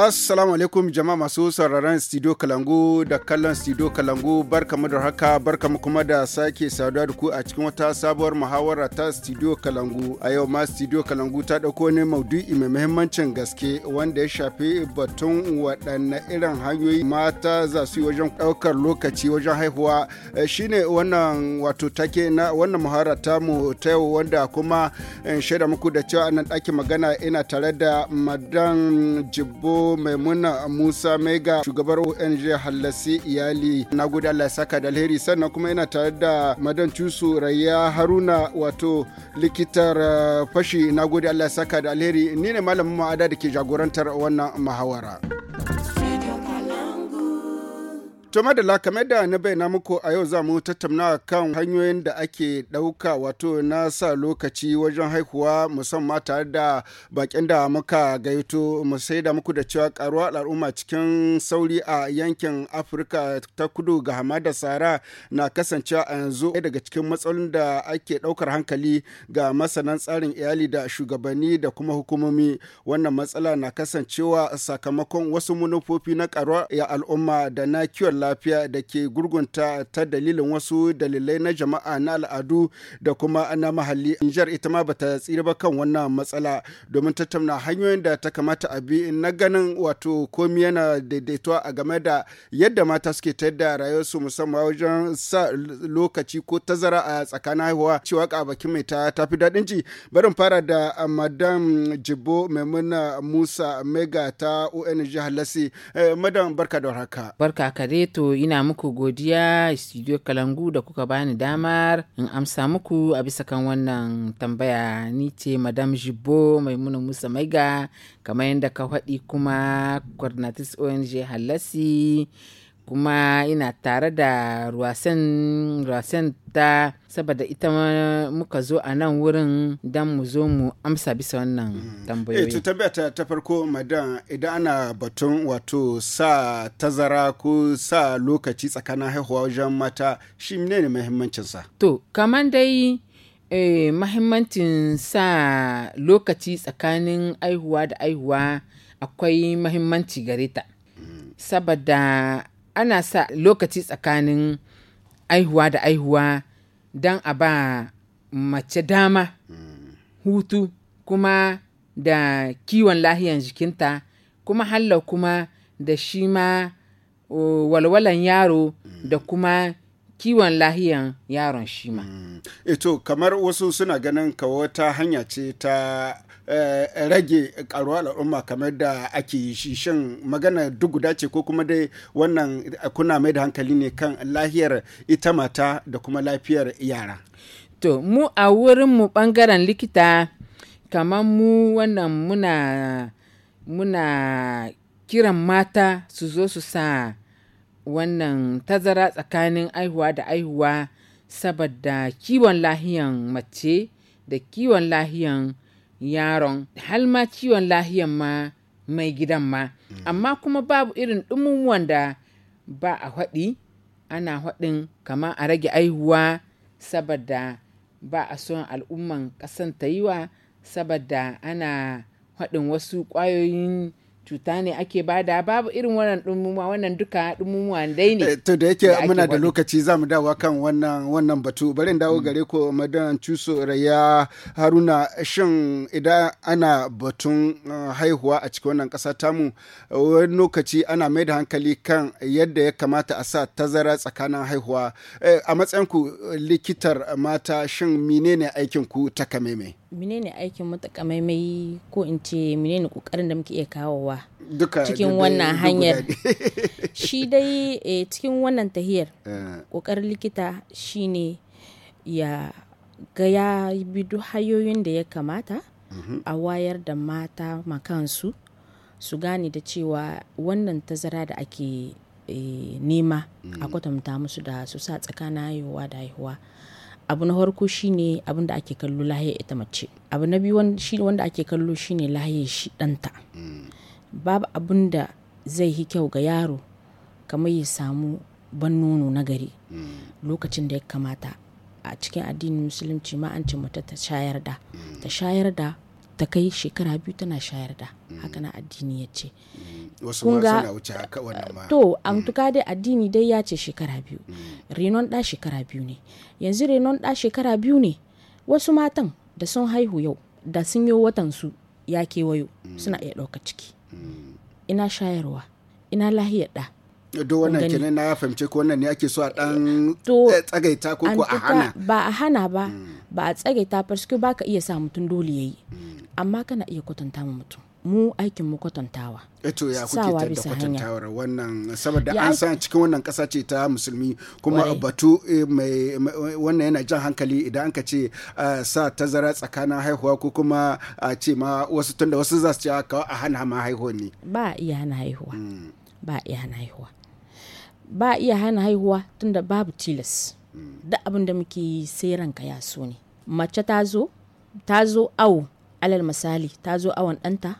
Assalamu alaikum jama'a masu sauraron Studio Kalangu da kallon Studio Kalangu barkamu da haka barkamu kuma da sake saduwa da ku a cikin wata sabuwar muhawara ta Studio Kalangu. A yau ma Studio Kalangu ta ɗauko ne maudu'i mai muhimmancin gaske wanda ya shafi batun waɗanne irin hanyoyi mata za su yi wajen ɗaukar lokaci wajen haihuwa eh, shine wannan wato take na wannan muhawara ta mu ta yau wanda kuma eh, in shaida muku da cewa nan ɗakin magana ina tare da madan Jibbo maimuna musa mega shugabar ong hallasi iyali na guda allah saka da alheri sannan kuma yana tare da madan cusu raya haruna wato likitar eh, fashi na guda allah saka da alheri ni ne malamin ma'ada da ke jagorantar wannan mahawara. To da kamar da na bayyana muku a yau za mu tattauna kan hanyoyin da ake ɗauka wato na sa lokaci wajen haihuwa musamman tare da bakin da muka gaito mu sai da muku da cewa karuwa al'umma cikin sauri a yankin Afirka ta kudu ga hamada Sahara na kasancewa a yanzu ɗaya daga cikin matsalolin da ake ɗaukar hankali ga masanan tsarin iyali da shugabanni da kuma hukumomi wannan matsala na kasancewa sakamakon wasu manufofi na karuwa al'umma da na kiwon lafiya da ke gurgunta ta dalilin wasu dalilai na jama'a na al'adu da kuma na mahalli Nijar ita ma bata tsira ba kan wannan matsala domin tattauna hanyoyin da ta kamata a bi na ganin wato komi yana daidaituwa a game da yadda mata suke ta da rayuwarsu musamman wajen sa lokaci ko tazara a tsakanin haihuwa cewa ka bakin mai ta tafi daɗin ji barin fara da madam jibo maimuna musa mega ta ong halasi eh, madam barka da haka barka kare to ina muku godiya studio kalangu da kuka bani damar in amsa muku a bisa kan wannan tambaya ni ce madam mai maimuna musa maiga kamar yadda ka faɗi kuma coordinatis ong halasi kuma ina tare da ruwasan ruwasan ta saboda ita muka zo a nan wurin don mu zo mu amsa bisa wannan mm. tambayoyi. Eh, tambaya ta, farko madan idan ana batun wato sa tazara ko sa lokaci tsakanin haihuwa wajen mata shi ne ne mahimmancinsa? To, kamar dai eh, mahimmancin sa lokaci tsakanin aihuwa da aihuwa akwai mahimmanci gare ta. Mm. Saboda ana sa lokaci tsakanin aihuwa da aihuwa don a ba mace dama hutu kuma da kiwon lahiyan jikinta kuma halla kuma da shi ma walwalan yaro da kuma kiwon lahiyan yaron shi ma. Mm. Eto eh, kamar wasu suna ganin ka wata hanya ce ta Eh, rage karuwa al'umma kamar da ake shi shin magana duk guda ce ko kuma dai wannan eh, kuna mai da hankali ne kan lahiyar ita mata da kuma lafiyar yara to mu a wurin mu bangaren likita kamar mu wannan muna muna kiran mata su zo su sa wannan tazara tsakanin aihuwa da aihuwa saboda kiwon lahiyan mace da kiwon lahiyan yaron har ma ciwon lahiyan ma mai gidan ma amma kuma babu irin ɗumumuwan da ba a haɗi ana haɗin kama a rage aihuwa saboda ba a son al'umman ƙasan ta yi wa saboda ana haɗin wasu ƙwayoyin cuta ne ake bada babu irin wannan dumumuwa wannan duka dumumuwa dai ne eh, to da yake muna da lokaci za mu dawo kan wannan wannan batu bari dawo mm. gare ko madan cuso raya haruna shin idan ana batun uh, haihuwa a cikin wannan kasa tamu wani lokaci ana mai da hankali kan yadda ya kamata a sa tazara tsakanin haihuwa eh, a matsayin ku likitar mata shin menene aikin ku ta takamaimai menene aikin maimai ko in ce menene ƙoƙarin da muke iya kawowa cikin wannan hanyar shi dai eh, cikin wannan tahiyar ƙoƙarin eh. likita shine ya ga ya bi duk hanyoyin da ya kamata mhm. a wayar da mata makansu su gane da cewa wannan tazara da ake eh, nema a mm. kwatanta musu da su sa tsakanin haihuwa da haihuwa abu na farko shine abin da ake kallo lahiyar ita mace abu na biyu shine wanda ake kallo shine lahiyar shi ɗanta babu abin da zai yi kyau ga yaro kamar ya samu ban nono na gari lokacin da ya kamata a cikin addinin musulunci ma'ancin an mata ta shayar da ta shayar da ta kai shekara biyu tana shayar da haka na addini ya ce mm. to an mm. tuka dai addini dai ya ce shekara biyu mm. renon da shekara biyu ne yanzu renon da shekara biyu ne wasu matan da sun haihu yau da sun yi watansu ya kewayo suna iya ɗauka ciki ina shayarwa ina lahiyar da do wannan kenan na fahimce ko wannan ne ake so a dan eh, tsagaita ko ko a hana ba a hana ba hmm. ba a tsagaita ba shi ba ka iya sa mutum dole yayi hmm. amma kana iya kwatanta mu mutum mu aikin mu kwatantawa eto eh ya kuke ta kwatantawar wannan saboda an san cikin wannan kasa ce ta musulmi kuma batu eh, mai wannan yana jan hankali idan an ka ce sa tazara tsakanin haihuwa ko kuma a ce ma wasu tunda wasu za su ce a hana ma haihuwa ne ba iya hana haihuwa hmm. ba iya hana haihuwa ba iya hana haihuwa tunda babu tilas da abin da muke yi sai ranka ya so ne mace ta zo ta zo awo alal misali ta zo awon ɗanta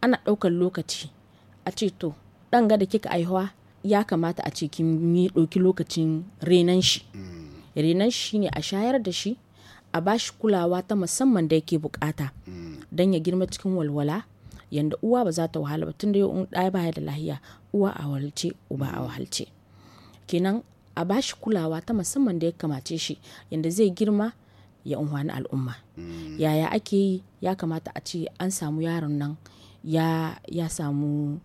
ana ɗaukar lokaci a ce to ɗan ga da kika aihuwa ya kamata a ce kin ɗauki lokacin renan shi renan shi ne a shayar da shi a ba shi kulawa ta musamman da yake bukata don ya girma cikin walwala yanda uwa ba za ta wahala ba tunda da yau ɗaya baya da lahiya uwa a wahalce uba a wahalce kenan a bashi kulawa ta musamman da ya kamace shi yadda zai girma ya unhwani al'umma mm. yaya ake yi ya kamata a ce an samu yaron nan ya, samu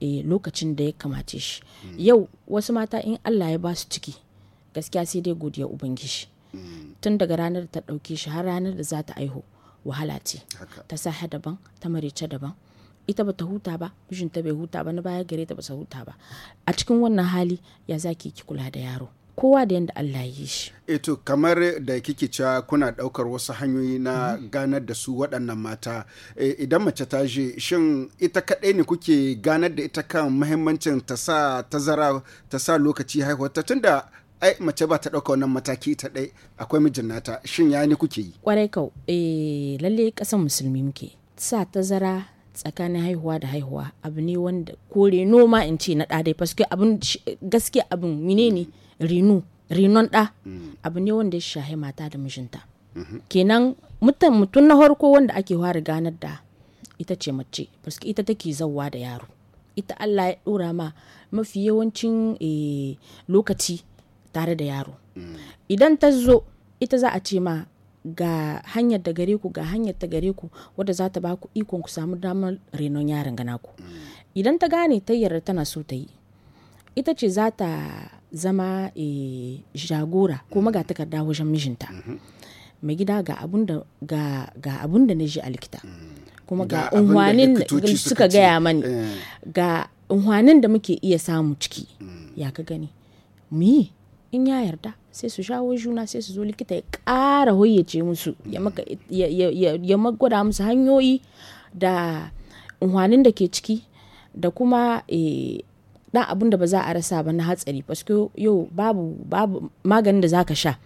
e, lokacin da ya kamace shi mm. yau wasu mata in allah ya ba su ciki gaskiya sai dai godiya ubangiji mm. tun daga ranar da ta ɗauke shi har ranar da za ta aiho wahala ce ta sahe daban ta marice daban ita bata huta ba mijinta bai huta ba na baya gare ta sa huta ba a cikin wannan hali ya zaki ki kula da yaro kowa da yadda Allah ya yi shi. Eto eh kamar da kike cewa kuna daukar wasu hanyoyi na mm ganar da su waɗannan mata eh, idan mace ta je shin ita kaɗai ne kuke ganar da ita kan muhimmancin ta sa tazara ta sa lokaci haihuwarta tunda ai mace ba ta ɗauka wannan mataki ta ɗai akwai mijin nata shin ya ne kuke yi. Kwarai kau eh lalle ƙasar musulmi muke sa tazara tsakanin haihuwa da haihuwa abu ne wanda ko reno in ce na ɗadai faske abin gaskiya abin mine ne reno renon ɗa abu ne wanda ya shahi mata da mijinta mhm. kenan mutum mutum na farko wanda ake fara ganar da ita ce mace paske ita take zauwa da yaro ita Allah ya ɗora ma mafi yawancin eh, lokaci tare da yaro mm. idan ta zo ita za a ce ma ga hanyar da gare ku ga hanyar ta gare ku wadda za ta ba ikon ku samu damar renon yaron gana ku mm. idan ta gane ta yarda tana so ta yi ita ce za ta zama e, jagora ko mm. takarda wajen mijinta mm-hmm. mai gida ga abun da na ji a likita mm. kuma ga unhwanin suka gaya mani eh. ga unhwanin da muke iya samu ciki ya ka gani mu in ya yarda sai su shawo juna sai su zo likita ya ƙara hoyyace musu ya magwada musu hanyoyi da unhwanin da ke ciki da kuma dan eh, abin da ba za a rasa ba na hatsari paske yau babu babu maganin da za ka sha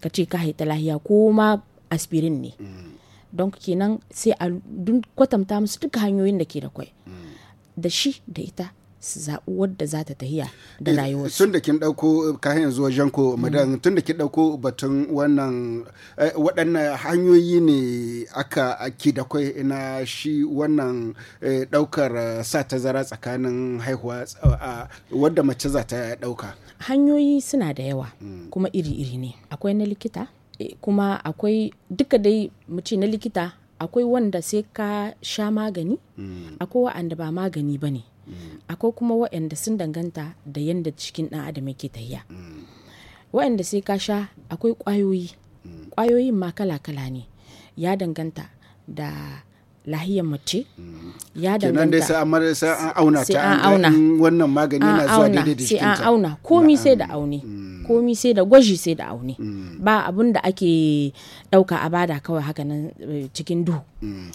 ka ce ka haita lahiya ko ma aspirin ne don kenan sai a kwatanta musu duka hanyoyin da ke da kwai da shi da ita zaɓuwar da za ta tahiya da eh, rayuwarsu. Tun da kin ɗauko eh, kayan yanzu wajen ko mm. madan tun da kin ɗauko batun wannan eh, waɗannan hanyoyi ne aka ake da kwai ina shi wannan ɗaukar sa tazara tsakanin haihuwa wadda mace za ta ɗauka. Hanyoyi suna da yawa mm. kuma iri-iri ne akwai na likita kuma akwai duka dai mu ce na likita akwai wanda sai ka sha magani mm. akwai wa'anda ba magani ba ne. akwai kuma waɗanda sun danganta da yadda cikin ɗan adam yake tahiya waɗanda sai ka sha akwai ƙwayoyi ƙwayoyin ma kala-kala ne ya danganta da lahiyar mace ya danganta sai an auna sai an auna wannan magani na zuwa daidai sai an auna komi sai da aune komi sai da gwaji sai da aune mm. ba abun da ake dauka a bada kawai haka nan eh, cikin duhu mm.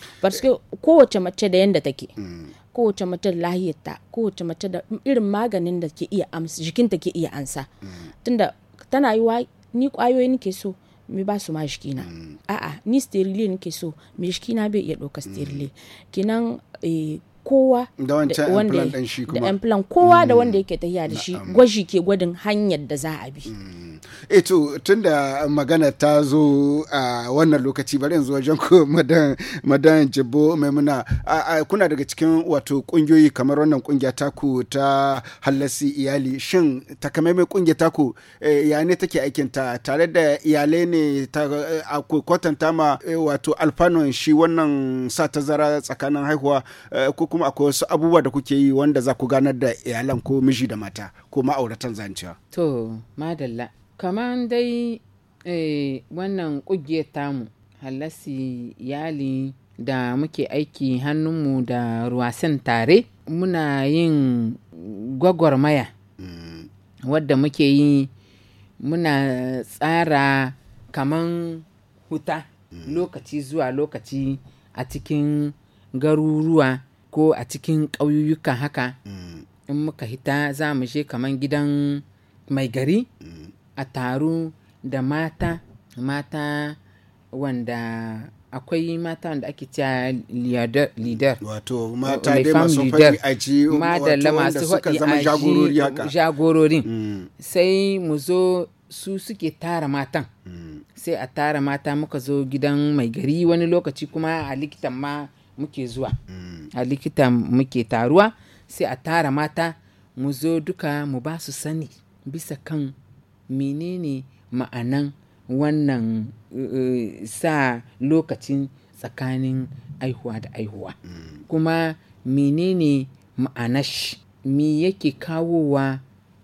kowace mace da yadda take mm. kowace mace da lahiyarta kowace mace da irin maganin da ke iya amsa jikinta ke iya ansa tunda tana yiwa ni kwayoyi nake so me ba su ma jikina mm. a'a ni sterile nake so me jikina bai iya ɗauka sterile mm. kenan eh, kowa da wanda da implant kowa da mm. da shi gwaji ke gwadin hanyar da za a bi eto eh, to da magana ta zo a wannan lokaci bari yanzu wajen ku madan madan jibbo maimuna kuna daga cikin wato kungiyoyi kamar wannan kungiya taku ta hallasi iyali shin takamaimai kungiya taku eh, ya ne take aikin ta tare da iyalai ne ta eh, kwatanta ma wato alfanon shi wannan sa tazara tsakanin haihuwa ko kuma akwai wasu abubuwa da kuke yi wanda za ku ganar da iyalan ko miji da mata ko ma'auratan zancewa. To, madalla. kamar dai eh, wannan ƙungiyar tamu halassi iyali da muke aiki hannunmu da ruwasan tare muna yin gwagwarmaya mm. wadda muke yi muna tsara kaman huta mm. lokaci zuwa lokaci a cikin garuruwa ko a cikin ƙauyuka haka mm. in muka hita za mu je kaman gidan mai gari a taru da mata, mata wanda akwai mata wanda ake cewa leader wato mata dai masu fari a ji wato wanda suka zama jagorori jagororin mm. sai mu zo su suke tara matan mm. sai a tara mata muka zo gidan mai gari wani lokaci kuma a likitan ma muke zuwa mm. a likitan muke taruwa sai a tara mata mu zo duka mu ba su sani bisa kan menene ma'anan wannan eh, sa lokacin tsakanin aihuwa da aihuwa mm. kuma menene ma'anash me yake kawowa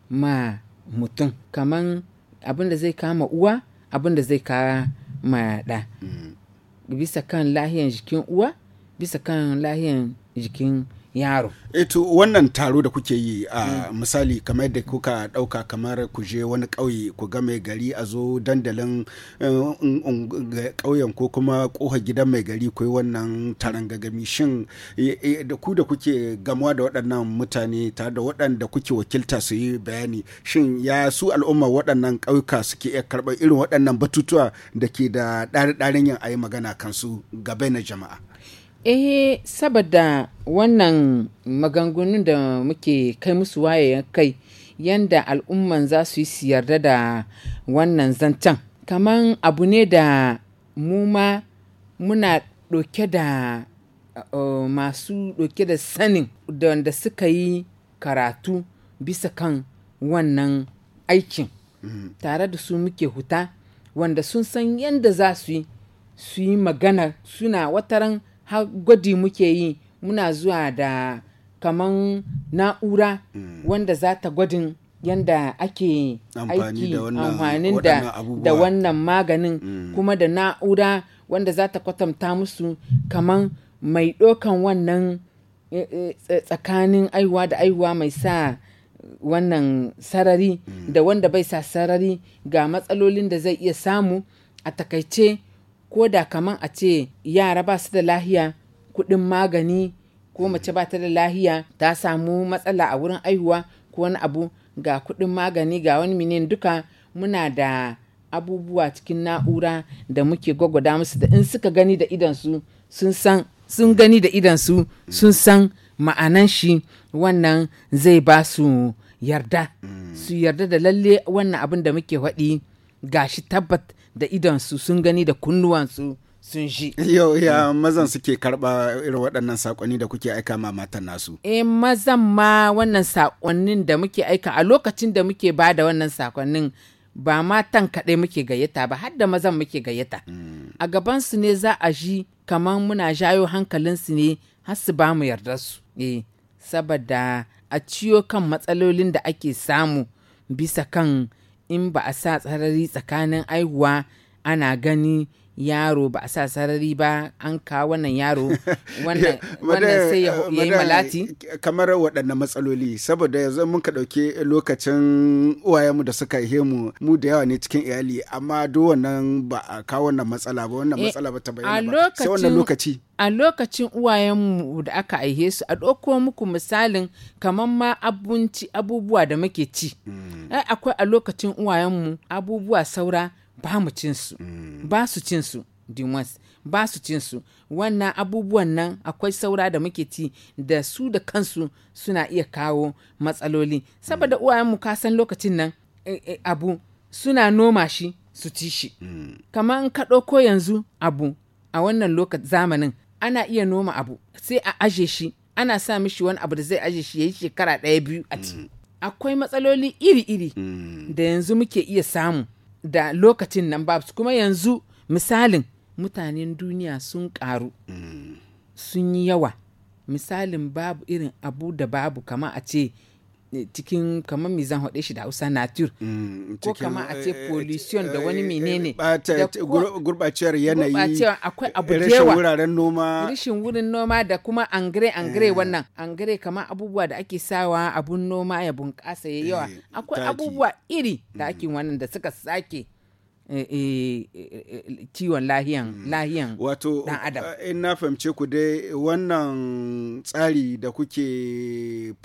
ma mutum kaman abin zai kama uwa abin zai kawo ma ɗa mm. bisa kan lahiyan jikin uwa bisa kan lahiyan jikin yaro eto eh, wannan taro da kuke yi a misali kamar da kuka dauka kamar ku je wani kauye ku ga mai gari a zo dandalin kauyen eh, ko kuma koha gidan mai gari ku yi wannan taron gagami shin eh, da ku da kuke gamuwa da waɗannan mutane tare da waɗanda kuke wakilta su yi bayani shin ya su al'umma waɗannan ƙauyuka suke iya karɓar irin waɗannan batutuwa da ke da ɗari-ɗarin yin a yi magana kansu gaba na jama'a eh saboda wannan maganganun da muke kai musu waye kai yanda al'umman za su yi yarda da wannan zancen kaman abu ne da mu muna ɗauke da masu ɗauke da sanin da suka yi karatu bisa kan wannan aikin mm. tare da su muke huta wanda sun san yadda za su su yi magana suna wataran har gwaji muke yi muna zuwa da kaman na'ura mm. wanda za ta gwadin yanda ake aiki amfanin da wannan maganin mm. kuma da na'ura wanda za ta kwatanta musu kaman mai dokan wannan eh, eh, tsakanin aiwa da aiwa mai sa wannan sarari mm. da wanda bai sa sarari ga matsalolin da zai iya samu a takaice ko da kaman a ce yara ba su da lahiya kuɗin magani ko mace ba ta da lahiya ta samu matsala a wurin aihuwa ko wani abu ga kuɗin magani ga wani minin duka muna da abubuwa cikin na'ura da muke gwagwada musu da in suka gani da idansu sun san sun gani da idansu sun san ma'anan shi wannan zai ba su yarda su yarda da lalle wannan abin da muke faɗi gashi tabbat da idonsu sun gani da kunnuwansu sun ji. Yau ya mazan suke karɓa irin waɗannan saƙonni da kuke aika ma matan nasu. E mazan ma wannan saƙonnin da muke aika a lokacin da muke ba da wannan saƙonnin ba matan kaɗai muke gayyata ba har da mazan muke gayyata. Hmm. A gabansu ne za a ji kamar muna jayo hankalinsu ne har su ba mu yarda su. E, eh, saboda a ciyo kan matsalolin da ake samu bisa kan in ba a sa tsarari tsakanin aihuwa ana gani yaro ba a sa sarari ba an kawo wannan yaro wannan sai ya yi malati kamar waɗannan matsaloli saboda yanzu mun ka ɗauki lokacin uwayenmu da suka ihe mu mu da yawa ne cikin iyali amma duk wannan ba a kawo wannan matsala ba wannan eh, matsala ba ta bayyana ba sai wannan lokaci a lokacin uwayenmu da aka aihe su a ɗauko muku misalin kamar ma abinci abubuwa da muke ci mm. eh, akwai a lokacin uwayenmu abubuwa saura ba mu cinsu mm. ba su su dimas ba su su wannan abubuwan nan akwai saura da muke ci da su da kansu suna iya kawo matsaloli saboda mm. mu kasan lokacin nan e, e, abu suna noma shi su ci shi mm. kamar in ka ɗauko yanzu abu a wannan lokacin zamanin ana iya noma abu sai a aje shi ana sa mishi wani abu da zai aje shi ya yi shekara ɗaya biyu a ci akwai matsaloli iri-iri da yanzu muke iya samu da lokacin nan babs kuma yanzu misalin mutanen duniya sun ƙaru mm. sun yi yawa misalin babu irin abu da babu kama a ce cikin kamar mi zan haɗe shi da hausa nature mm, ko kama a ce eh, pollution da eh, wani eh, menene gurɓacewar yanayi akwai abu da yawa wuraren noma rishin wurin noma da kuma angare angare wannan angare kama abubuwa da ake sawa abun noma ya bunƙasa ya yawa akwai abubuwa iri da mm. ake wannan da suka sake ciwon eh, eh, eh, lahiyan mm. lahiyan wato in na fahimce ku dai wannan tsari da kuke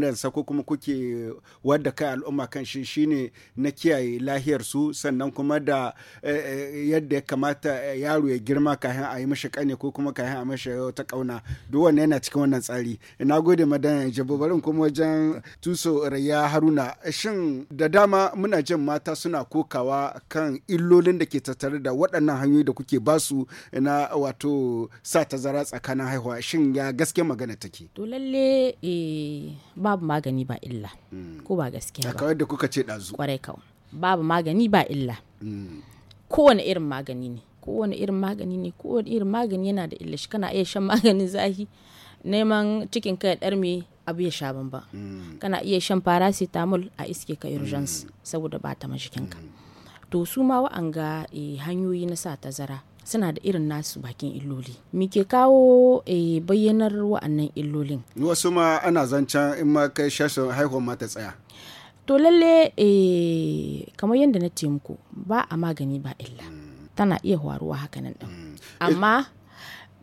da ko kuma kuke wadda kai al'umma kan shi shine na kiyaye lahiyar su sannan kuma da yadda ya kamata yaro ya girma kayan a yi mashi kane ko kuma kafin a mashi ta kauna duk wanne yana cikin wannan tsari na gode madana jabo barin kuma wajen tuso raya haruna shin da dama muna jin mata suna kokawa kan illolin da ke tattare da waɗannan hanyoyi da kuke basu na wato sa tazara tsakanin haihuwa shin ya gaske magana take to lalle eh, babu magani ba illa hmm. ko ba gaskiya ba kawai da kuka ce ɗazu kwarai kawai babu magani ba illa hmm. kowane irin magani ne kowane irin magani ne kowane irin magani yana da illa shi kana iya shan maganin zahi neman cikin kai me abu ya sha ba hmm. kana iya shan paracetamol a iske ka urgence saboda ba ta mashikinka mm. to su ma wa'anga e, hanyoyi na sa tazara suna da irin nasu bakin illoli mi ke kawo e, bayyanar wa'annan illolin wasu ma ana zancen in ma kai shashin haihuwar mata tsaya to lalle e, kamar yadda na ce muku ba a magani ba illa mm. tana iya faruwa hakanan din mm. amma amma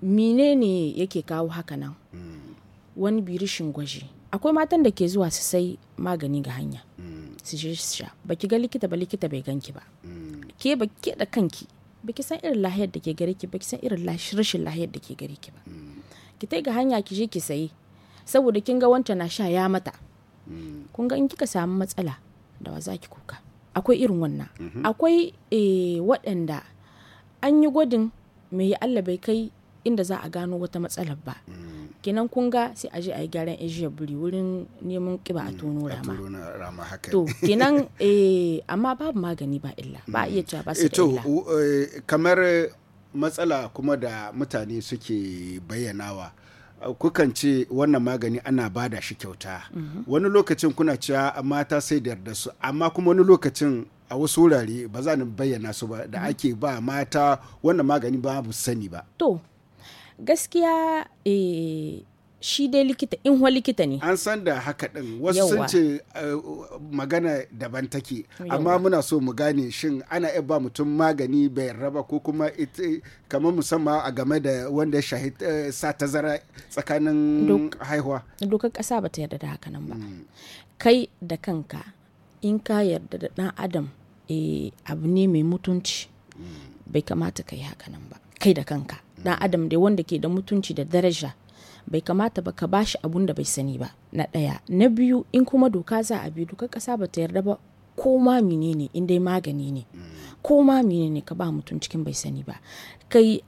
menene yake kawo hakanan mm. wani birishin gwaji akwai matan da ke zuwa su sai magani ga hanya su je su sha baki ga likita ba likita bai ganki ba ke ba ke da kanki ki san irin lahiyar da ke gare ki ki san irin rashin lahiyar da ke gare ki ba ki tai ga hanya ki je ki sayi saboda kin ga wanta na sha ya mata kun ga in kika samu matsala da wa zaki kuka akwai irin wannan mhm. akwai eh, waɗanda an yi gwadin mai Allah bai kai inda za a gano wata matsalar ba mm. kenan kun ga sai a je a yi gyaran ajiyar biri wurin neman kiba a mm, tono rama to kenan eh, amma babu magani ba illa ba iya cewa ba su eh, da illa eh, kamar matsala kuma da mutane suke bayyanawa kukan ce wannan magani ana bada shi kyauta mhm. wani lokacin kuna cewa mata sai da yarda su amma kuma wani lokacin a wasu wurare ba za ni bayyana su ba da mhm. ake ba mata wannan magani ba bu sani ba to gaskiya e shi dai likita in wa likita ne an san da haka din wasu sun ce eh, magana daban take amma muna so mu gane shin ana iya ba mutum magani bai raba ko kuma eh, kamar musamman a game da wanda ya sa tazara tsakanin haihuwa dokar kasa ba ta yarda da haka nan ba hmm. kai da kanka in ka yarda da dan adam abu ne mai mutunci hmm. bai kamata ka yi haka nan ba kai da kanka dan mm. adam dai wanda ke da mutunci da daraja bai kamata ba ka bashi abun da bai sani ba na ɗaya na biyu in kuma doka za a bi doka kasa ba ta yarda ba ko ma menene in dai magani ne mm. ko ma menene ka ba mutum cikin bai sani ba kai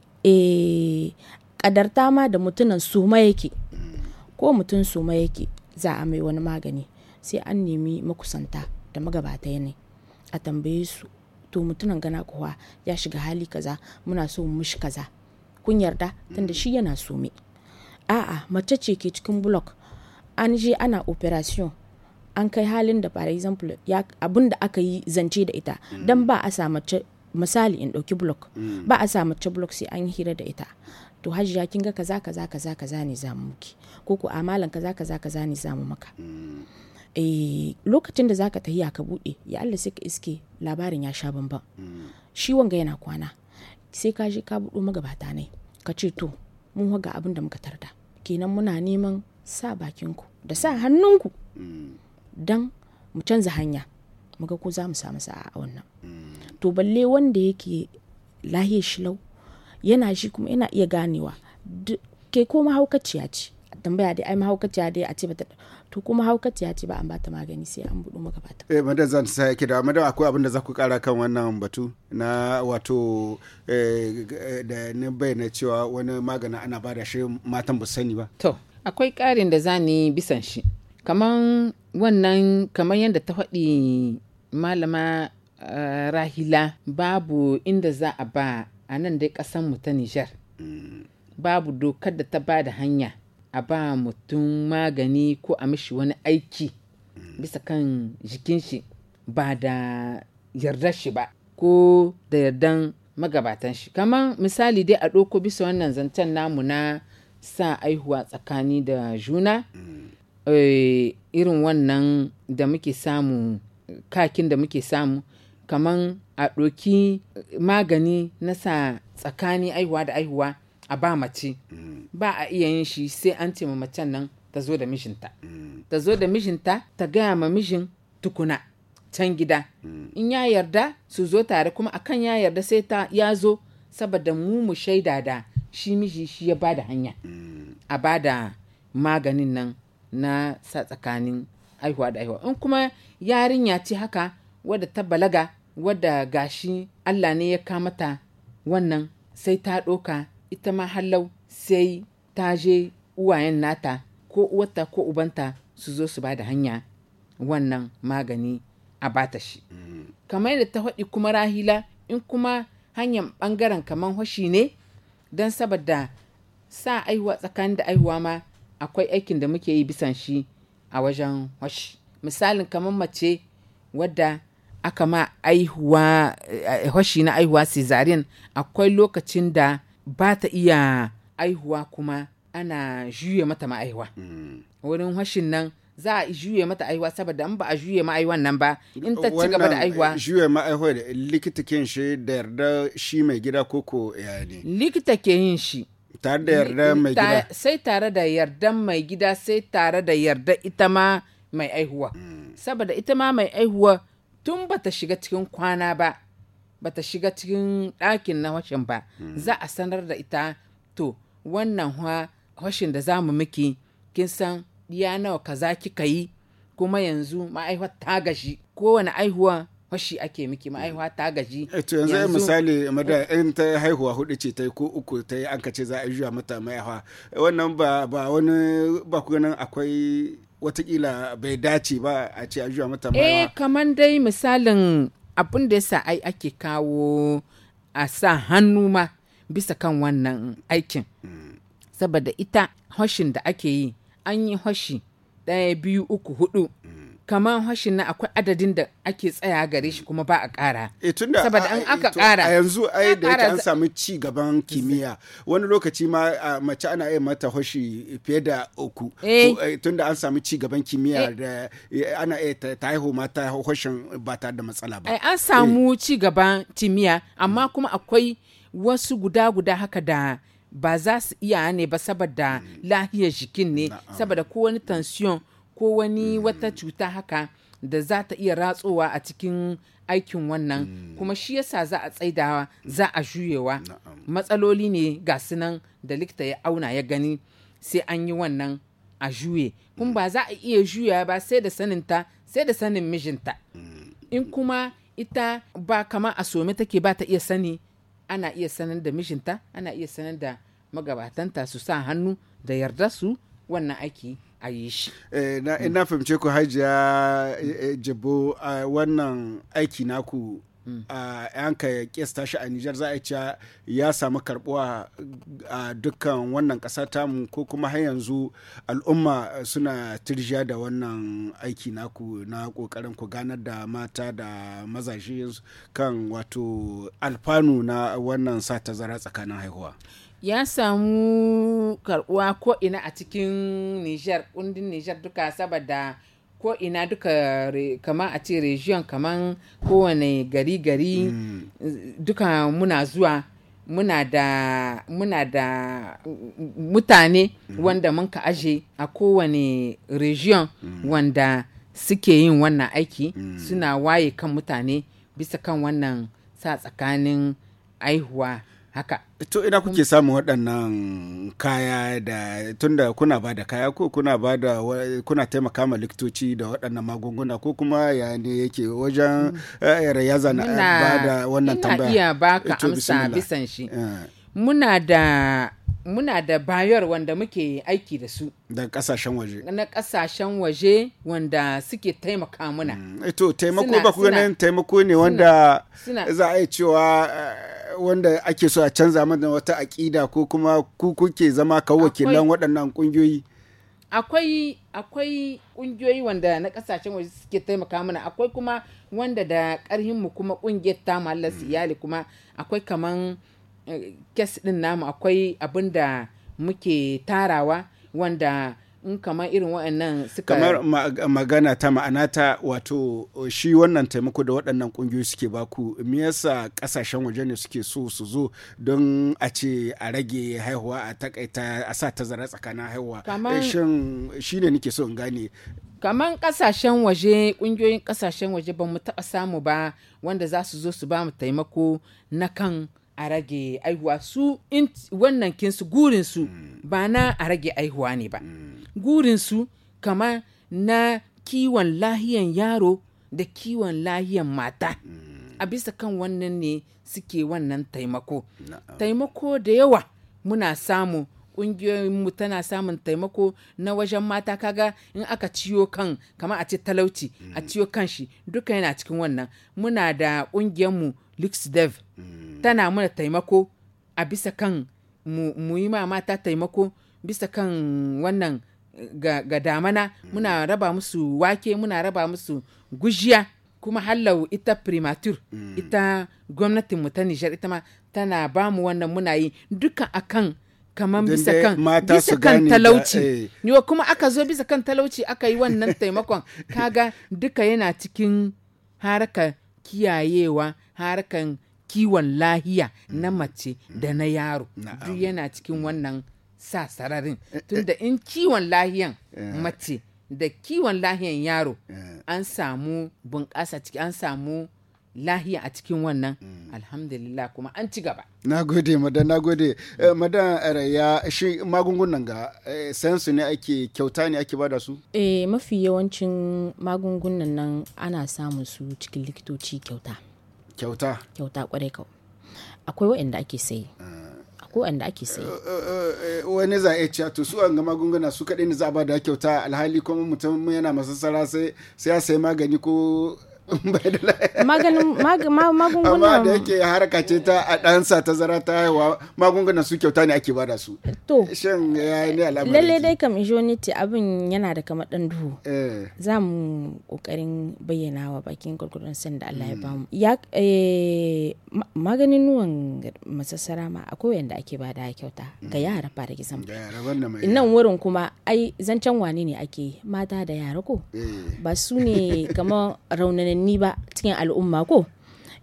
kadarta eh, ma da mutunan suma yake mm. ko mutum suma yake za a mai wani magani sai an nemi makusanta da magabata ne a tambaye su to mutunan gana kowa ya shiga hali kaza muna so mushi kaza kun yarda tunda shi yana so me a'a mace ce ke cikin block an je ana operation an kai halin da for example abin da aka yi zance da ita mm. dan ba a sa mace misali in dauki block mm. ba a sa mace block sai an hira da ita to hajiya kin ga kaza kaza kaza kaza ne zamu ki ko ko amalan kaza kaza kaza ne zamu maka mm. Eh, lokacin da zaka tahiya ka bude ya Allah sai ka iske labarin ya sha bamban shi wanga yana kwana sai ka je ka budo magabata ne ka ce to mun ga abin da muka tarda kenan muna neman sa bakin ku da sa hannun ku. dan mu canza hanya muga ko za mu samu sa'a a wannan to balle wanda yake lahiyar shilau yana shi kuma yana iya ganewa ke koma haukaciya ce tambaya dai ai mahaukaciya dai a ce bata to kuma haukaciya ce ba an bata magani sai an budu maka bata eh madan zan sa yake da madan akwai abin da za ku kara kan wannan batu na wato eh, da na bayyana cewa wani maganin ana bada shi matan ba sani ba to akwai ƙarin da za ni bisan shi kaman wannan kaman yadda ta faɗi malama eh, rahila babu inda za a ba a nan dai ƙasan mu ta nijar mm. babu dokar da ta ba da hanya a ba mutum magani ko a mishi wani aiki bisa kan jikin shi ba da yardar shi ba ko da yardan magabatan shi kamar misali dai a ɗauko bisa wannan zancen namu na sa aihuwa tsakani da juna eh, irin wannan da muke samu kakin da muke samu kamar a ɗoki magani na sa tsakani aihuwa da aihuwa a ba mace ba a iya yin shi sai an ce ma macen nan ta zo da mijinta ta zo da mijinta ta gaya ma mijin tukuna can gida in ya yarda su zo tare kuma akan ya yarda sai ta ya zo saboda mu mu shaida da shi miji shi ya bada hanya a bada maganin nan na sa tsakanin aihuwa da aihuwa in kuma yarinya ce haka wadda ta balaga wadda gashi Allah ne ya kamata wannan sai ta ɗoka ita ma hallau sai ta je uwayen nata ko uwarta ko ubanta su zo su ba da hanya wannan magani a bata shi mm. kamar yadda ta haɗi kuma rahila in kuma hanyar ɓangaren kamar hoshi ne don saboda sa aiwa tsakanin da aihuwa ma akwai aikin da muke yi bisan shi a wajen hoshi misalin kamar mace wadda aka ma aihuwa eh, hoshi na aihuwa cesarean akwai lokacin da ba ta iya aihuwa kuma ana juye mata ma'aihuwa mm. wurin hashin nan za a juye mata aihuwa saboda in ba a juye ma'aihuwan nan ba in ta ci gaba da eh, aihuwa juye ma'aihuwa da likita ke shi da yarda shi mai gida ko ya ne likita ke yin shi tare da yarda mai gida sai tare da yarda mai gida sai tare da yarda ita ma mai aihuwa mm. saboda ita ma mai aihuwa tun ba ta shiga cikin kwana ba bata shiga cikin ɗakin na washin ba hmm. za a sanar da ita to wannan washin da za mu miki kin san ya nawa kaza kika yi kuma yanzu ma'aihuwa ta gashi kowane aihuwa washi ake miki hmm. ma'aihuwa ta gaji. Eh, to yanzu ya misali mada eh. in ta haihuwa hudu ce ta yi ko uku ta yi an ce za a yi mata ma'aihuwa wannan ba ba wani ba akwai watakila bai dace ba a ce a juya mata ma'aihuwa. eh kamar dai misalin abin da yasa ai ake kawo a sa hannu ma bisa kan wannan aikin saboda ita hoshin da ake yi an yi hoshi ɗaya biyu uku hudu kamar hashin na akwai adadin da ake tsaya gare shi kuma ba a kara eh, saboda an aka kara a yanzu ai da yake an samu ci gaban kimiyya wani lokaci ma mace ana yi mata hashi fiye da uku eh. Eh, tunda an samu ci gaban kimiyya da ana yi ta haihu ma hashin ba tare da matsala ba an samu ci gaban kimiyya amma kuma akwai wasu guda guda haka da ba za su iya ne ba saboda hmm. lahiyar jikin ne saboda ko wani tension ko wani mm. wata cuta haka da za ta iya ratsowa a cikin aikin wannan mm. kuma shi yasa za a tsaidawa za a juyewa matsaloli ne ga sunan da likita ya auna ya gani sai an yi wannan a juye kun mm. ba za a iya juya ba sai da saninta sai da sanin mijinta in kuma ita ba kama a some take ba ta iya sani ana iya sanar da mijinta ana iya sanar da magabatanta su sa hannu da yarda su wannan aiki a yi shi. Eh, mm. na fahimce ku hajiya eh, eh, jabo wannan aiki naku mm. a yan ka kesta shi a Nijar za a ce ya samu karbuwa a dukkan wannan ƙasa tamu ko kuma har yanzu al'umma suna tirjiya da wannan aiki naku na kokarin ku ganar da mata da mazaje kan wato alfanu na wannan sa tazara tsakanin haihuwa. ya samu karbuwa ko'ina a cikin Niger kundin Niger duka saboda ko ina duka kama a ce region kaman kowane gari gari mm. duka muna zuwa muna da muna da mutane mm-hmm. wanda mun ka aje a kowane region mm. wanda suke yin wannan aiki mm. suna waye kan mutane bisa kan wannan sa tsakanin aihuwa haka to ina kuke samun waɗannan kaya da tunda kuna ba da kaya ko kuna ba da kuna taimaka ma likitoci da waɗannan magunguna ko kuma ya ne yake wajen rayaza mm. eh, na eh, ba da wannan tambaya ina iya ba ka eh, amsa bisan shi muna da muna da bayar wanda muke aiki da su da kasashen waje na kasashen waje wanda suke taimaka muna mm. to taimako ba ku ganin taimako ne wanda za a yi cewa wanda ake so a canza mana wata aƙida ko kuma ku kuke zama kawo wakilan waɗannan ƙungiyoyi akwai akwai ƙungiyoyi wanda na ƙasashen waje suke taimaka mana akwai kuma wanda da ƙarhinmu mu kuma ƙungiyar ta mallar iyali kuma akwai kaman eh, kes ɗin namu akwai abin da muke tarawa wanda in kamar irin waɗannan suka kamar magana ta ma'ana ta wato uh, shi wannan taimako da waɗannan ƙungiyoyi suke baku me yasa ƙasashen waje ne suke so su zo don a ce a rage haihuwa a takaita a sa tazara tsakanin haihuwa eh, shi shine nake so in gane kamar kasashen waje ƙungiyoyin kasashen waje ba mu taɓa samu ba wanda za su zo su ba mu taimako na kan a rage aihuwa su wannan kinsu gurinsu mm. ba na a rage aihuwa ne ba mm. gurinsu kama na kiwon lahiyan yaro da kiwon lahiyan mata mm. a bisa kan wannan ne suke wannan taimako taimako da yawa muna samu mu tana samun taimako na wajen mata kaga in aka ciyo kan kamar a ce talauci a ciyo kan shi duka yana cikin wannan muna da mu luxdev tana mana taimako a bisa kan mu yi ma mata taimako bisa kan wannan ga, damana muna raba musu wake muna raba musu gujiya kuma hallau ita primatur ita gwamnatin mu ta Nijar ita ma tana ba mu wannan muna yi duka akan kaman bisa kan bisa kan talauci eh. kuma aka zo bisa kan talauci aka yi wannan taimakon kaga duka yana cikin haraka kiyayewa harkan kiwon lahiya na mm. mace da na yaro duk yana cikin mm. wannan sa sararin eh, eh. tunda in kiwon lahiyan eh. mace da kiwon lahiyan yaro an samu bunƙasa ciki an samu lahiya a cikin wannan mm. alhamdulillah kuma an ci gaba na gode madan na gode eh, madan raya er, shi magungunan ga sayan eh, su ne ake kyauta ne ake bada su eh mafi yawancin magungunan nan ana samun su cikin likitoci kyauta kyauta kyauta kwarai kau akwai waɗanda ake sayi ah. akwai wanda ake sayi. Eh, wani za a ce to su an ga magunguna su kaɗai ne za a bada kyauta alhali kuma mutum yana masassara sai ya sayi magani ko magunguna amma da yake haraka ce ta a ɗansa ta zara ta haihuwa magungunan su kyauta ne ake bada su to shin eh, ya ne alamar lalle dai kam ijoniti abin yana da kamar ɗan duhu eh. za mu ƙoƙarin bayyana wa bakin gwargwadon san da Allah ya hmm. bamu ya eh, maganin nuwan masassara ma akwai wanda ake bada kyauta ga hmm. yara fara gizan nan wurin kuma ai zancen wane ne ake mata da yara ko ba su ne kamar raunanin Ni ba cikin al'umma ko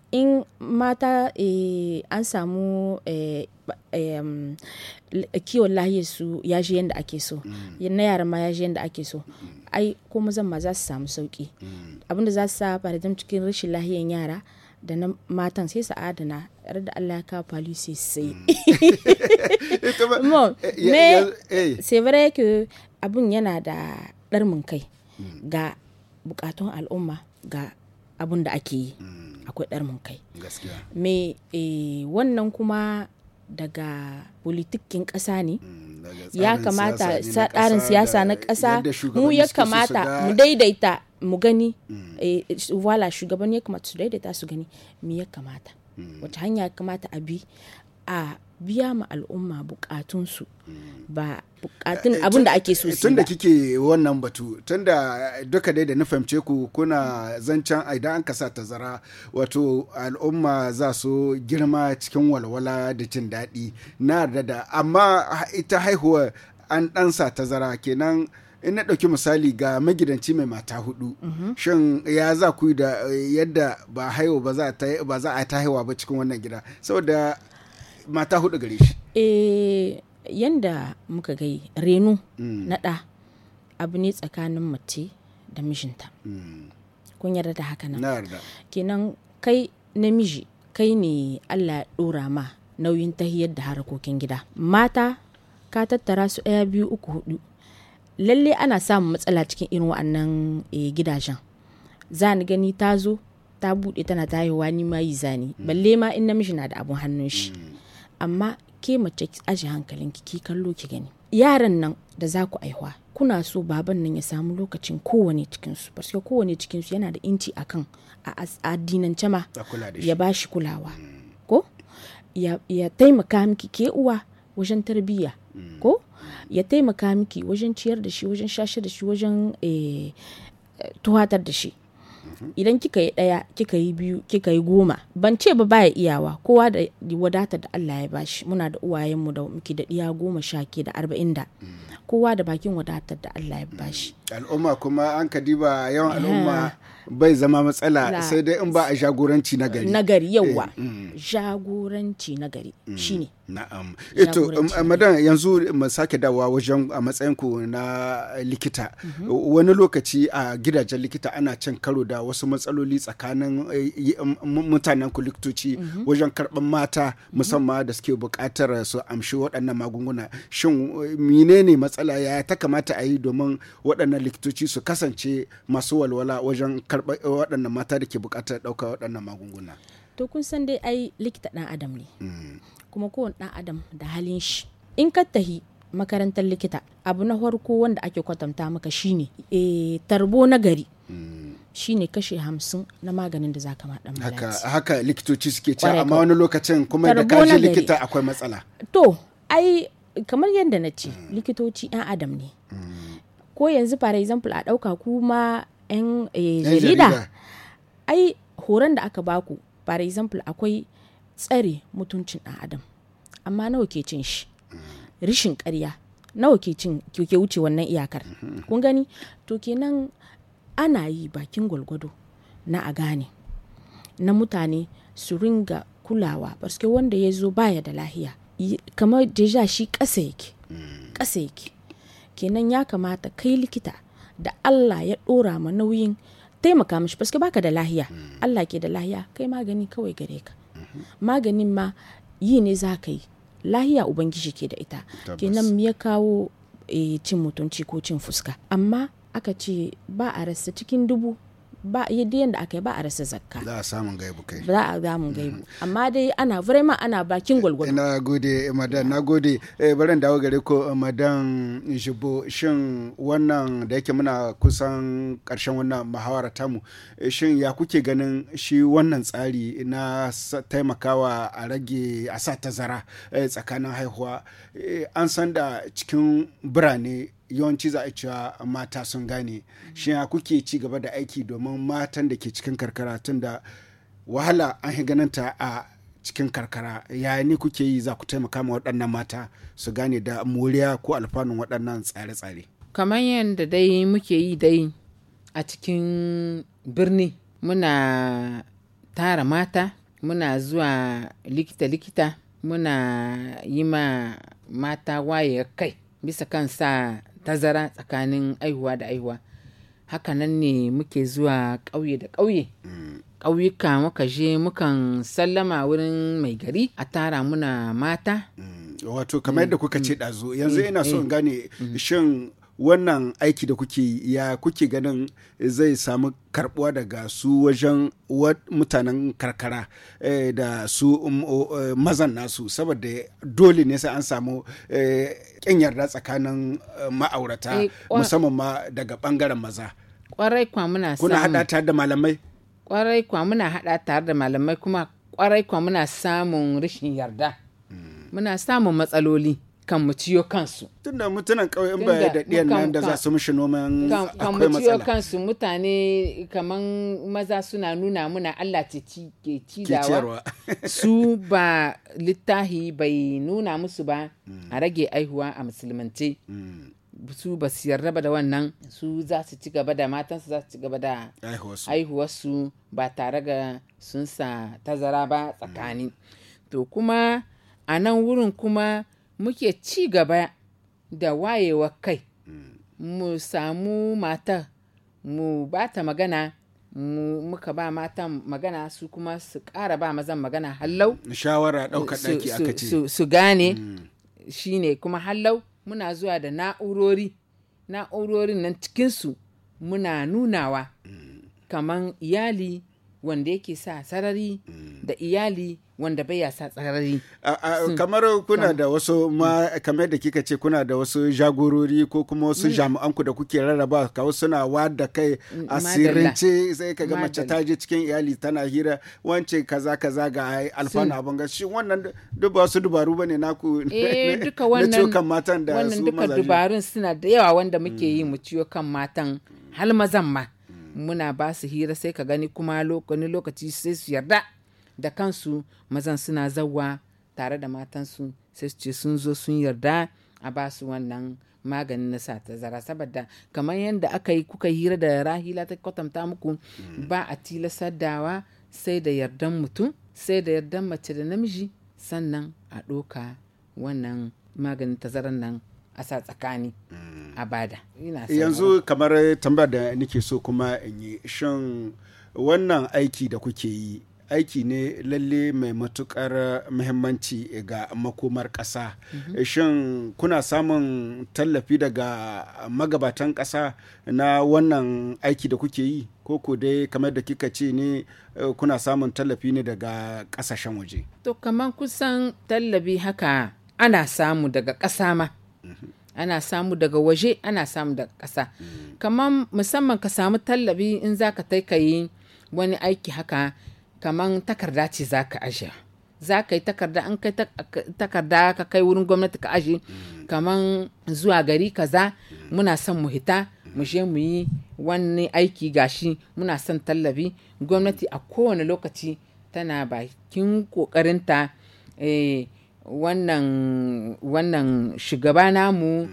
in mata eh, an samu eh, um, kiwon lahiyar su ya ji yadda ake so mm. na yara ma ya ji yadda ake so mm. ai ko mazan ma za su samu sauki mm. abinda za su sa faridin cikin rashin lahiyar yara da na matan sai su adana yar da Allah ka falu sai sai mo me eh. sai vrai yake abin yana da ɗarmin kai ga bukatun al'umma ga abun da ake yi mm. akwai mun kai me e, wannan kuma daga politikin ƙasa ne mm, ya kamata tsarin siyasa na ƙasa mu ya kamata mu daidaita mu gani mm. e, wala shugaban ya kamata su daidaita su gani mu ya kamata wata hanya ya kamata a bi a biya ma al'umma bukatunsu mm. ba bukatun eh, abin da ake so tun tunda kike wannan batu tunda duka dai da na fahimce ku kuna zancen idan an kasa tazara wato al'umma za su girma cikin walwala da jin daɗi na da amma ita haihuwa an ɗansa tazara kenan in na ɗauki misali ga magidanci mai mata hudu shan mhm. shin ya za ku da yadda ba haihuwa ba za a ta haihuwa ba cikin wannan gida saboda mata hudu gare shi eh yanda muka gai renu mm. naɗa ɗa abu ne tsakanin mace da mijinta mm. kun yarda da haka nan kenan kai namiji kai ne allah ɗora ma nauyin tahiyar da harkokin gida mata ka tattara su ɗaya biyu uku hudu lalle ana samun matsala cikin irin wa'annan eh, gidajen zani gani ta zo ta buɗe tana tayowa ni ma yi zani mm. balle ma in namiji na da abun hannun shi amma ke mace ki aje hankalinki ki kallo ki gani yaran nan da za ku aihuwa kuna so baban nan ya samu lokacin kowane cikinsu parce kowane cikinsu yana da inci akan a addinance ma ya ba shi kulawa mm. ko ya taimaka miki ke uwa wajen tarbiyya mm. ko ya taimaka miki wajen ciyar da shi wajen shashi da shi wajen eh, eh, tuwatar da shi idan kika yi ɗaya kika yi biyu kika yi goma ban ce ba baya iyawa kowa da wadata da Allah ya bashi muna da uwayenmu da muke da iya goma sha ke da arba'in da mm. kowa da bakin wadatar da Allah ya bashi mm. al'umma kuma an ka diba yawan al'umma bai zama matsala sai dai in ba a jagoranci na gari na gari eh, yawa mm. jagoranci na gari mm, shine na'am ito eh, um, madan yanzu mu sake dawowa wajen a matsayin ku na likita mhm. wani lokaci a gidajen likita ana cin karo da wasu matsaloli tsakanin eh, mm, mutanen ku likitoci mhm. wajen karban mata mhm. musamman da suke buƙatar su amshi waɗannan magunguna shin menene matsala ya ta kamata a yi domin waɗannan likitoci su kasance masu walwala wajen karɓar karɓa eh, waɗannan mata da ke buƙatar ɗauka waɗannan magunguna to kun san dai ai likita ɗan adam ne mm. kuma kowane ɗan adam da halin shi in ka tahi makarantar likita abu na farko wanda ake kwatanta maka shine e, tarbo na gari mm. shine kashe hamsin na maganin da zaka maɗan haka, haka likitoci suke ci amma wani lokacin kuma da kashe likita akwai matsala to ai kamar yadda na ce mm. likitoci 'yan adam ne ko yanzu for example a ɗauka kuma 'yan eh, jarida ai horon da aka baku for example akwai tsare mutuncin ɗan adam amma nawa ke cin shi rishin karya nawa ke cin ke wuce wannan iyakar kun gani to kenan ana yi bakin gwalgwado na a gane na mutane su ringa kulawa suke wanda ya zo baya da lahiya kamar deja shi ƙasa yake hmm. ƙasa yake kenan ya kamata kai likita da Allah ya ɗora ma nauyin taimaka mishi paske baka da lahiya mm. Allah ke da lahiya kai magani kawai gare ka mm-hmm. maganin ma yi ne za ka yi lahiya ubangiji ke da ita kenan ya kawo eh, cin mutunci ko cin fuska amma aka ce ba a rasa cikin dubu ba yadda yadda aka yi ba a rasa zakka za a samun gaibu kai za a samun gaibu mm. amma dai ana vraiment ana bakin gwalgwado eh, na gode madan na gode eh, barin dawo gare ko eh, madan jibo shin wannan da yake muna kusan karshen wannan muhawara tamu shin ya kuke ganin shi wannan tsari na taimakawa a rage a sa tazara tsakanin haihuwa an san da cikin birane yawanci za a cewa mata sun gane shi ya kuke ci gaba da aiki domin matan da ke cikin karkara tun da wahala an gananta a cikin karkara ya ne kuke yi za ku taimaka ma waɗannan mata su gane da moriya ko alfanun waɗannan tsare-tsare kamar yadda dai muke yi dai a cikin birni muna tara mata muna zuwa likita-likita muna yi ma mata waye kai bisa kan sa tazara tsakanin aihuwa da aihuwa hakanan ne muke zuwa ƙauye da ƙauye ƙauyuka muka je mukan sallama wurin mai gari a tara muna mata mm, wato kamar yadda kuka ce ɗazu yanzu mm, ina son mm, gane shin wannan aiki da kuke ya kuke ganin zai samu karbuwa daga su wajen mutanen karkara eh, da su mm, eh, mazan nasu saboda dole ne sai an samu eh, ƙin yarda tsakanin ma'aurata musamman ma daga ɓangaren maza kwarai kwa muna samu kuna hada tare da malamai kwarai kwa muna hada tare da malamai kuma kwarai kwa muna samun rashin yarda hmm. muna samun matsaloli kan mu ciyo kansu. Tunda mutunan ƙauyen baya da ɗiyan nan da za su mishi noman akwai matsala. Kan mu ciyo kansu mutane kaman maza suna nuna muna Allah ce ci ke dawa. su ba littahi bai nuna musu ba a mm. rage aihuwa a musulmance. Mm. su ba su yarda ba da wannan su za su ci gaba da su za su ci gaba da aihuwarsu ba tare ga sun sa tazara ba tsakani. Mm. To kuma a nan wurin kuma muke ci gaba da wayewa kai mm. mu samu mata mu ba ta magana mu muka ba matan magana su kuma su ƙara ba mazan magana hallau shawara ɗaukar ɗaki aka ce su gane mm. shine kuma hallau muna zuwa da na'urori na'urorin nan cikinsu muna nunawa mm. kaman iyali wanda yake sa sarari da iyali wanda bai yasa tsarari. Hmm. kamar kuna da wasu ma kamar da kika ce kuna da wasu jagorori ko kuma wasu hmm. jami'an ku da kuke rarraba ka suna wada kai hmm, asirince sai kaga mace ta je cikin iyali tana hira wance kaza kaza ga alfanu abin ga shi wannan duk ba su dubaru bane naku eh, duka wannan matan da wannan duka dubarun suna da yawa wanda muke yi mu ciyo kan matan hal mazan ma muna ba su hira sai ka gani kuma lokaci sai su yarda da kansu mazan suna zawa tare da matansu sai su ce sun zo sun yarda a ba su wannan magani na sa zara saboda kamar yadda aka yi kuka hira da rahila ta kwatanta muku mm. ba a tilasar dawa sai da yardan mutum sai da yardan mace da namiji sannan a ɗoka wannan maganin tazarar nan a sa tsakani a mm. bada yanzu kamar tambar da nake so kuma in yi shan wannan aiki da kuke yi aiki ne lalle mai matukar muhimmanci ga makomar ƙasa mhm. shin kuna samun tallafi daga magabatan ƙasa na wannan aiki da kuke yi ko dai kamar da kika ce ne eh, kuna samun tallafi ne daga ƙasashen waje to kamar kusan tallafi haka ana samu daga ƙasa ma mhm. ana samu daga waje ana samu daga ƙasa mm. kamar musamman ka samu tallafi in za ka yi wani aiki haka kaman takarda ce za ka aje za ka yi takarda an kai takarda ka kai wurin gwamnati ka aje kaman zuwa gari kaza muna son mu hita mu je mu yi wani aiki gashi muna son tallafi gwamnati a kowane lokaci tana bakin kokarinta eh, wannan wannan shugaba namu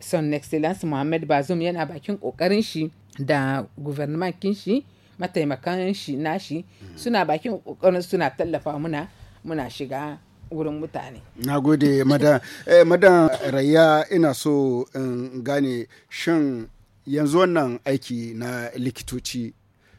son excellence muhammad bazum yana bakin kokarin shi da guvernaman shi mataimakan shi nashi suna bakin kokarin suna tallafa muna muna shiga wurin mutane. Na gode, eh, madan. Rayya ina so in gane shin yanzu wannan aiki na likitoci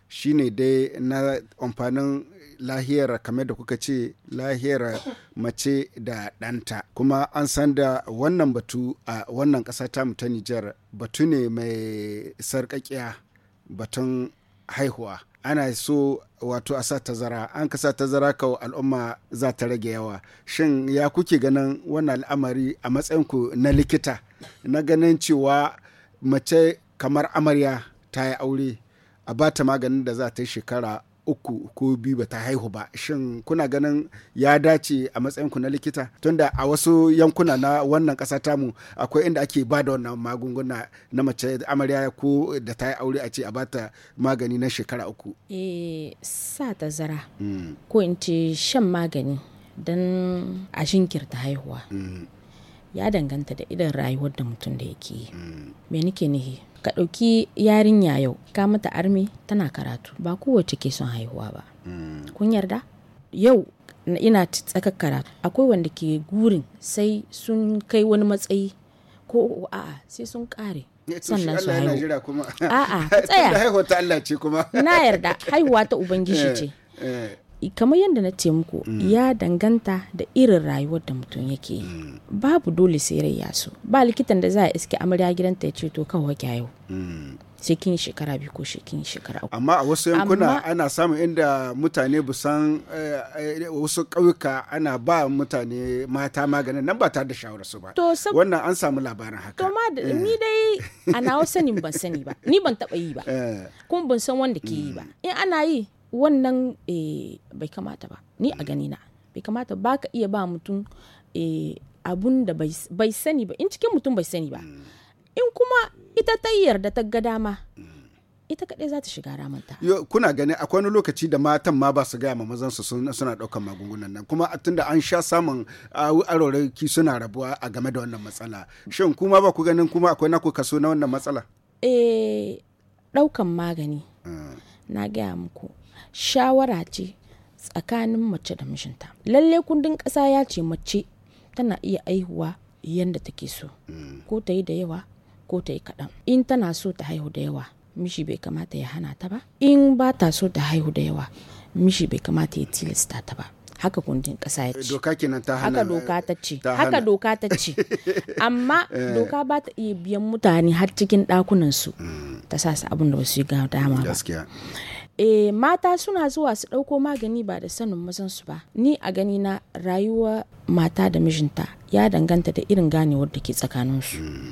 shine dai na amfanin lahiyar kamar da kuka ce lahiyar mace da ɗanta kuma an san da wannan batu a wannan ƙasa ta ta Nijar batu ne mai sarƙaƙiya batun haihuwa ana so wato a sa tazara an ka sa tazara kawo al'umma za ta rage yawa shin ya kuke ganin wannan al'amari a matsayinku na likita na ganin cewa mace kamar amarya ta yi aure a ba ta maganin da za ta yi shekara uku ko biyu ba ta haihu ba shin kuna ganin ya dace a matsayin ku na likita tunda a wasu yankuna na wannan ƙasa tamu akwai inda ake ba da wannan magunguna na mace amarya ko da ta yi aure a ce a bata magani na shekara uku eh sa ta zara hmm. ko in ce shan magani don a jinkirta haihuwa hmm. ya danganta da idan rayuwar da mutum da yake yi hmm. me nike nihi ka ɗauki yarinya yau ka mata armi tana karatu ba kowace ke son haihuwa ba hmm. kun yarda yau ina tsakar karatu akwai wanda ke gurin sai sun kai wani matsayi ko a'a sai sun kare eh, sannan su haihu a'a tsaya na yarda haihuwa ta ubangiji eh, ce eh. kamar yadda na ce muku mm. ya danganta da irin rayuwar da mutum yake yi mm. babu dole sai rai yaso ba likitan da za a iske amarya gidanta ya ce to kawai yau mm. shekin shekara biyu ko shekin shekara uku. Amma a wasu yankuna ana samun inda mutane busan eh, eh, wasu ƙauyuka ana ba mutane mata maganin nan ba tare da shawarar su ba. Wannan an samu labarin haka. To ma eh. ni dai ana nawa sanin ban sani ba. Ni ban taɓa yi ba. Kuma ban san wanda ke yi ba. Mm. In ana yi wannan eh, bai kamata ba ni a ganina bai kamata ba ka iya ba mutum eh, abun da bai sani ba in cikin mutum bai sani ba mm. in kuma ita ta yarda ta ga dama mm. ita kaɗai za ta shiga ramanta. kuna gani akwai wani lokaci da matan ma ba su gaya ma mazan su suna ɗaukan magungunan nan kuma tunda an sha samun arorarki suna rabuwa a game da wannan matsala shin kuma ba ku ganin kuma akwai naku kaso na wannan matsala. eh ɗaukan magani mm. na gaya muku shawara ce tsakanin mace da mijinta lalle kundin ƙasa ya ce mace tana iya aihuwa yadda take so mm. ko ta yi da yawa ko ta yi kaɗan in tana so ta haihu da yawa mishi bai kamata ya hana ta ba in ba ta so ta haihu da yawa mishi bai kamata ya tilasta ta ba haka kundin kasa ya eh, ce haka doka ta ce haka doka ta ce amma eh. doka ba ta iya biyan mutane har cikin dakunan su mm. ta sa su abin da ba su yi gama dama ba eh mata suna zuwa su ɗauko magani ba da sanin mazansu ba ni a gani na rayuwa mata da mijinta ya danganta da irin ganewar da ke tsakaninsu hmm.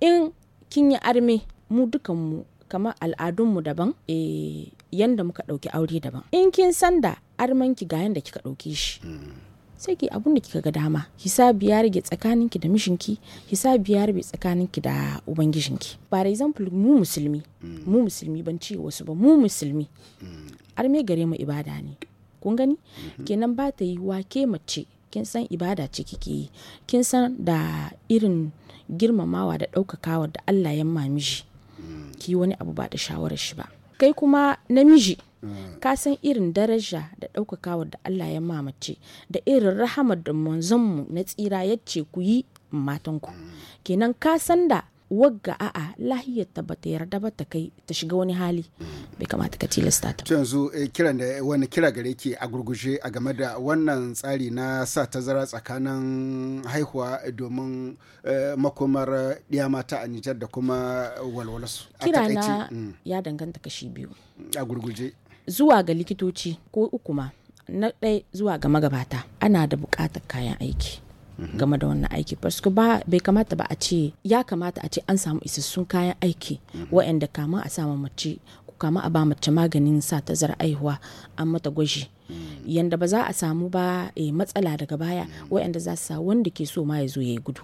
in kin yi arme mu dukanmu kamar al'adunmu daban eh yanda muka ɗauki aure daban in kin sanda armanki ga yanda kika ɗauke shi hmm. sai ki abun da kika ga dama hisabi ya rage tsakanin ki da mishinki hisabi ya rage tsakanin ki da ubangijin ubangijinki for example mu musulmi mm. mu musulmi ban ce wasu ba mu musulmi mm. arme gare mu ibada ne kun gani mm-hmm. kenan ba ta yi ke mace kin san ibada ce kike yi kin san da irin girmamawa da ɗaukakawa da Allah ya mamishi mm. ki wani abu ba da shawarar shi ba kai kuma namiji Mm. ka san irin daraja da ɗaukakawa da Allah ya mamace da irin rahamar da manzonmu na tsira ya ce ku yi matanku mm. kenan ka san da wagga a'a lahiyar ta bata yarda ba ta kai ta shiga wani hali mm. bai kamata ka tilasta ta yanzu eh, kiran da wani kira gare ke a gurguje a game da wannan tsari na sa tazara tsakanin haihuwa domin eh, makomar ɗiya mata a Nijar da kuma walwalasu kira na ya danganta kashi biyu a gurguje zuwa ga likitoci ko uku ma na ɗaya zuwa ga magabata ana da buƙatar kayan aiki mhm. game da wannan aiki basu ba bai kamata ba a ce ya kamata a ce an samu isassun kayan aiki mhm. wa'anda kama a samu mace ko kama a ba mace maganin sa ta zar aihuwa an mata gwaji mhm. yanda ba za a samu ba e, matsala daga baya wa'anda za su wanda ke so ma ya zo ya yi gudu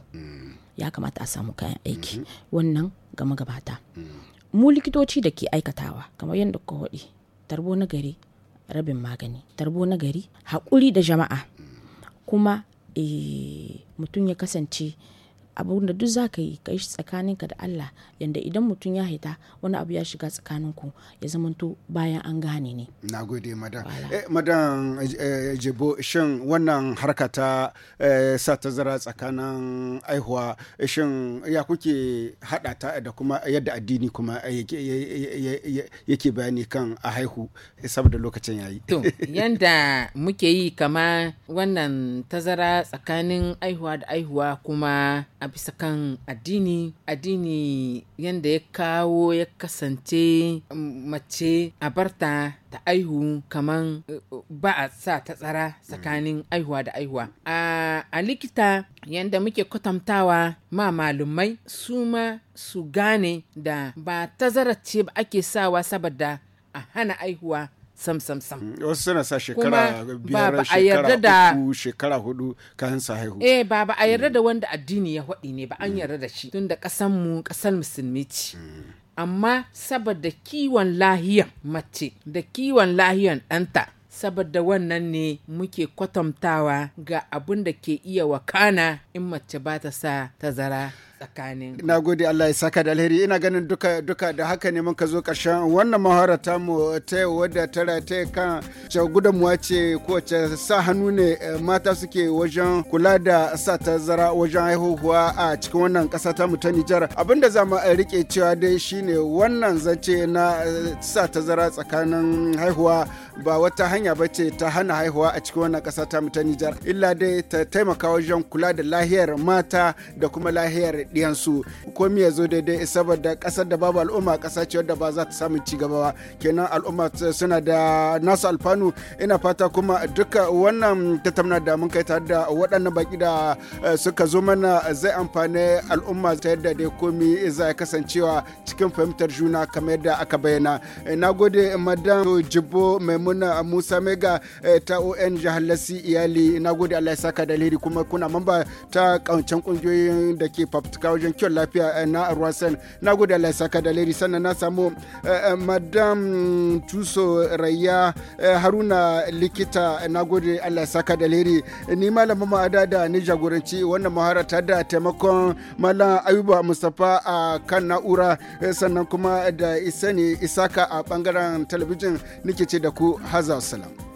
ya kamata a samu kayan aiki wannan ga magabata mu likitoci da ke aikatawa kamar yadda ka haɗi tarbo na gari rabin magani tarbo na gari haƙuri da jama'a kuma eh, mutum ya kasance abun da duk za ka yi ka yi tsakaninka da Allah yanda idan mutum ya haita wani abu ya shiga ku ya zamanto bayan an gane ne. Na gode madan. Eh, madan eh, shin wannan harka ta eh, sa tazara tsakanin aihuwa eh, shin ya kuke hada ta da kuma yadda addini kuma yake bayani kan a haihu saboda lokacin yayi. To yanda muke yi kama wannan tazara tsakanin aihuwa da aihuwa kuma a bisa kan addini addini yadda ya kawo ya kasance mm, mace a barta ta aihu kaman eh, ba a sa ta tsara tsakanin aihuwa da aihuwa a likita yadda muke kwatantawa ma malumai su ma su gane da ba ta ce ba ake sawa saboda a hana aihuwa sam sam sam mm, wasu suna sa shekara biyar shekara uku shekara hudu kayan sa eh ba a yarda mm. da wanda addini ya haɗi ne ba an mm. yarda da shi tun da kasan mu kasan musulmi ce amma saboda kiwon lahiyan mace da kiwon lahiyan ɗanta saboda wannan ne muke kwatantawa ga abin da ke iya wakana in mace ba ta sa tazara tsakanin na gode Allah ya saka da alheri ina ganin duka duka da haka ne muka zo karshen wannan mahara ta mu ta wadda tara ta kan gudunmuwa ce ko ce sa hannu ne eh, mata suke wajen kula da sa tazara wajen haihuwa a cikin wannan kasa ta mu ta Nijar abinda za mu eh, rike cewa dai shine wannan zance na eh, sa tazara tsakanin haihuwa ba wata hanya ba ce ta hana haihuwa a cikin wannan kasa ta mu ta Nijar illa dai ta taimaka wajen kula da lahiyar mata da kuma lahiyar ɗiyansu komi ya zo daidai saboda kasar da babu al'umma kasa ce wadda ba za ta samu ci gaba ba kenan al'umma suna da nasu alfanu ina fata kuma duka wannan tattauna da mun kai tare da waɗannan baki da eh, suka zo mana zai amfani al'umma ta yadda dai komi za kasancewa cikin fahimtar juna kamar yadda aka bayyana eh, na gode madam jibbo maimuna musa mega eh, ta on jahalasi iyali na gode allah ya saka da kuma kuna mamba ta kauncan kungiyoyin da ke fafta taimaka wajen kiwon lafiya eh, na Rwasan. Na gode Allah saka da leri sannan na samu eh, eh, Madam Tuso raya Haruna likita na gode Allah saka da leri. Ni malamin ma'ada da ni jagoranci wannan muhara ta da taimakon Malam Ayuba Mustapha a kan na'ura sannan kuma da Isani Isaka a bangaren talabijin nike ce da ku haza salam.